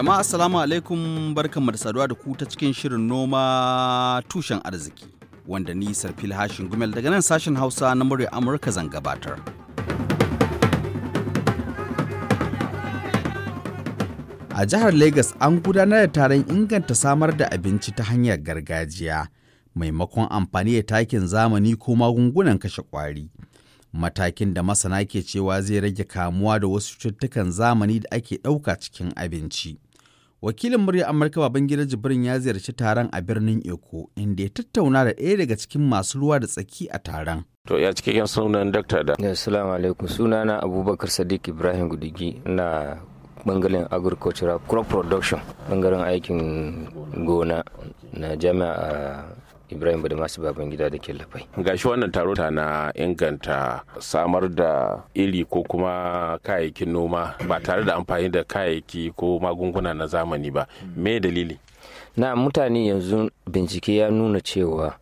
Jama'a assalamu alaikum barkan da saduwa da ku ta cikin shirin noma tushen arziki wanda ni Sarfil Hashin Gumel daga nan sashen Hausa na murya Amurka zan gabatar. A jihar Lagos an gudanar da taron inganta samar da abinci ta hanyar gargajiya maimakon amfani da takin zamani ko magungunan kashe kwari. matakin da masana ke cewa zai rage kamuwa da wasu cututtukan zamani da ake ɗauka cikin abinci. Wakilin murya Amurka Babangida Jibrin ya ziyarci taron a birnin Eko inda ya tattauna da ɗaya daga cikin masu ruwa da tsaki a taron. To ya yan sunan Dakta da. Assalamu alaikum sunana Abubakar Sadiq Ibrahim Gudigi na bangaren agricultural crop production bangaren aikin gona na jami'a ibrahim masu baban gida da ke lafai gashi wannan taro ta na inganta samar da iri ko kuma kayayyakin noma ba tare da amfani da kayayyaki ko magunguna na zamani ba me dalili na mutane yanzu bincike ya nuna cewa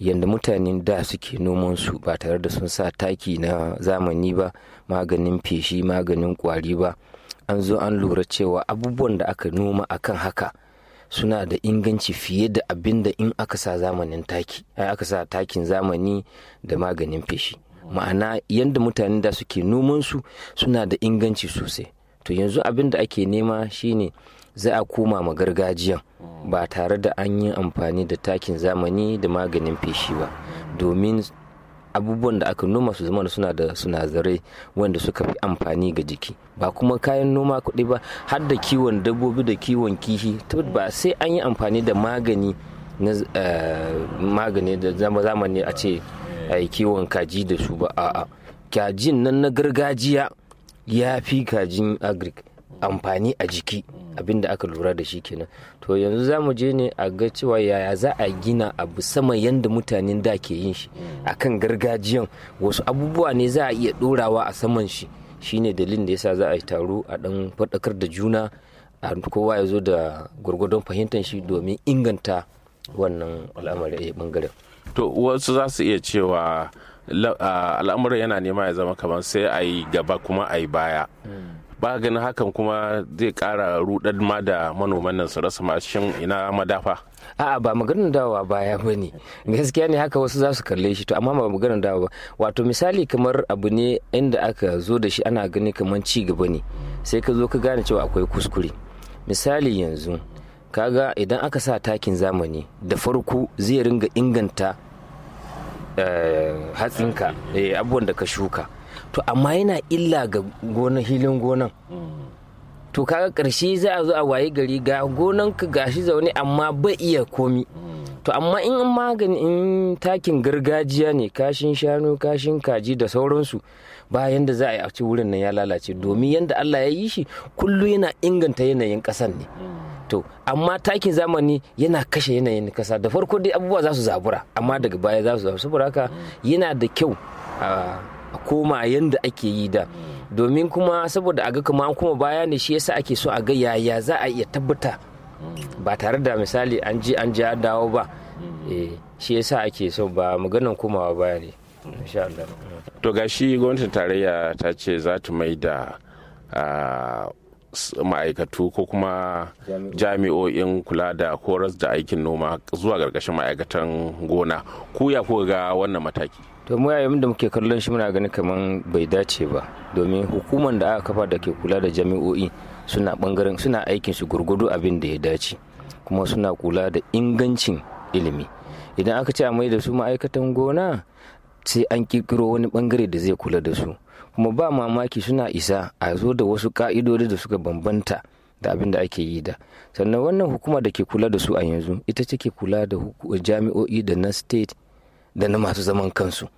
yadda mutane da suke su ba tare da sun sa taki na zamani ba maganin feshi maganin kwari ba an zo an lura cewa abubuwan da aka noma akan haka suna da inganci fiye da abin da in aka sa zamanin taki aka sa takin zamani da maganin feshi ma'ana yadda mutanen da suke noman su suna da inganci sosai to yanzu abin da ake nema shine za a koma ma gargajiyan ba tare da an yi amfani da takin zamani da maganin feshi ba domin abubuwan da aka noma su zama suna da sinadarai wanda suka fi amfani ga jiki ba kuma kayan noma kuɗi ba har da kiwon dabbobi da kiwon kihi ba sai an yi amfani da magani na eh, magani da zama zamani a ce a eh, yi kiwon kaji da su ba a'a kajin nan na gargajiya ya fi kajin agric amfani a jiki abinda aka lura da shi kenan to yanzu za mu je ne a ga cewa yaya za a gina abu sama yadda mutanen da ke yin shi a kan gargajiyan wasu abubuwa ne za a iya ɗorawa a saman shi shine dalilin da yasa za a yi taro a ɗan faɗakar da juna a kowa ya zo da gwargwadon fahimtar shi domin inganta wannan al'amari a bangaren to wasu za su iya cewa al'amuran yana nema ya zama kamar sai a yi gaba kuma a yi baya hmm. ba ganin hakan kuma zai kara rudar ma da manoman nan su rasa mashin ina madafa a'a ba maganar dawa baya ba ne gaskiya ne haka wasu za su kalle shi to amma ba maganar ba wato misali kamar abu ne inda aka zo da shi ana gani kamar ci gaba ne sai ka zo ka gane cewa akwai kuskure misali yanzu kaga idan aka sa takin zamani da farko zai ringa inganta eh, hatsinka eh, abubuwan da ka shuka to amma yana illa ga gona hilin gonan to kaga karshe za a zo a waye gari ga gonan ka gashi zaune amma ba iya komi to amma in magani in takin gargajiya ne kashin shanu kashin kaji da sauransu ba yanda za a yi a ci wurin nan ya lalace domin yanda Allah ya yi shi kullu yana inganta yanayin kasan ne to amma takin zamani yana kashe yanayin kasa da farko dai abubuwa za su zabura amma daga baya za su zabura saboda haka yana da kyau ah, a koma yadda ake yi da domin kuma saboda a ga kuma an kuma baya ne shi yasa ake so a ga yaya za a iya tabbata ba tare da misali an ji an ji dawo ba eh, shi yasa ake so ba maganan komawa baya ne to ga shi gwamnatin tarayya ta ce za ta mai da ma'aikatu ko kuma jami'o'in kula da koras da aikin noma zuwa gargashin ma'aikatan gona ku ya ga wannan mataki to mu yayin da muke kallon shi muna gani kaman bai dace ba domin hukumar da aka kafa da ke kula da jami'o'i suna bangaren suna aikin su gurgudu abin da ya dace kuma suna kula da ingancin ilimi idan aka ce a mai da su ma'aikatan gona sai an kirkiro wani bangare da zai kula da su kuma ba mamaki suna isa a zo da wasu ka'idodi da suka bambanta da abin da ake yi da sannan wannan hukuma da ke kula da su a yanzu ita ce ke kula da jami'o'i da na state da na masu zaman kansu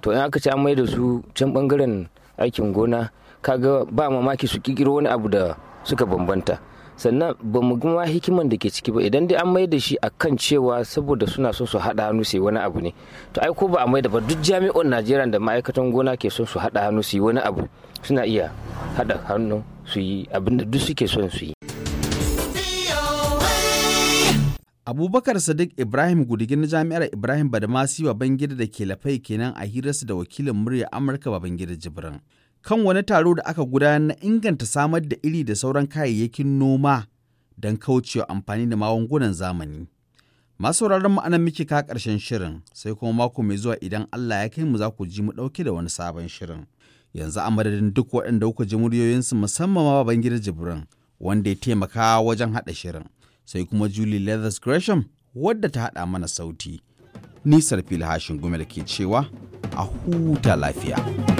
to in aka ci an mai da su can bangaren aikin gona kaga ba mamaki su kikiro wani abu da suka bambanta sannan ba mu gama hikiman da ke ciki ba idan dai an mai da shi a kan cewa saboda suna son su haɗa hannu su yi wani abu ne to ai ko ba a mai da ba duk jami'on najeriya da ma'aikatan gona ke son su haɗa hannu su yi wani abu suna iya haɗa hannu su yi abin da duk suke son su yi Abubakar Sadiq Ibrahim Gudigin na Jami'ar Ibrahim Badamasi Babangida da ke lafai kenan a hirarsa da wakilin murya Amurka Babangida Jibrin. Kan wani taro da aka gudanar na inganta samar da iri da sauran kayayyakin noma don kaucewa amfani da magungunan zamani. Masu mu anan muke ka ƙarshen shirin sai kuma mako mai zuwa idan Allah ya kai mu za ku ji mu ɗauke da wani sabon shirin. Yanzu a madadin duk waɗanda kuka ji muryoyinsu musamman ma Babangida Jibrin wanda ya taimaka wajen haɗa shirin. sai kuma Julie Leathers Gresham wadda ta haɗa mana sauti. Nisar filhashin gumel ke cewa a huta lafiya.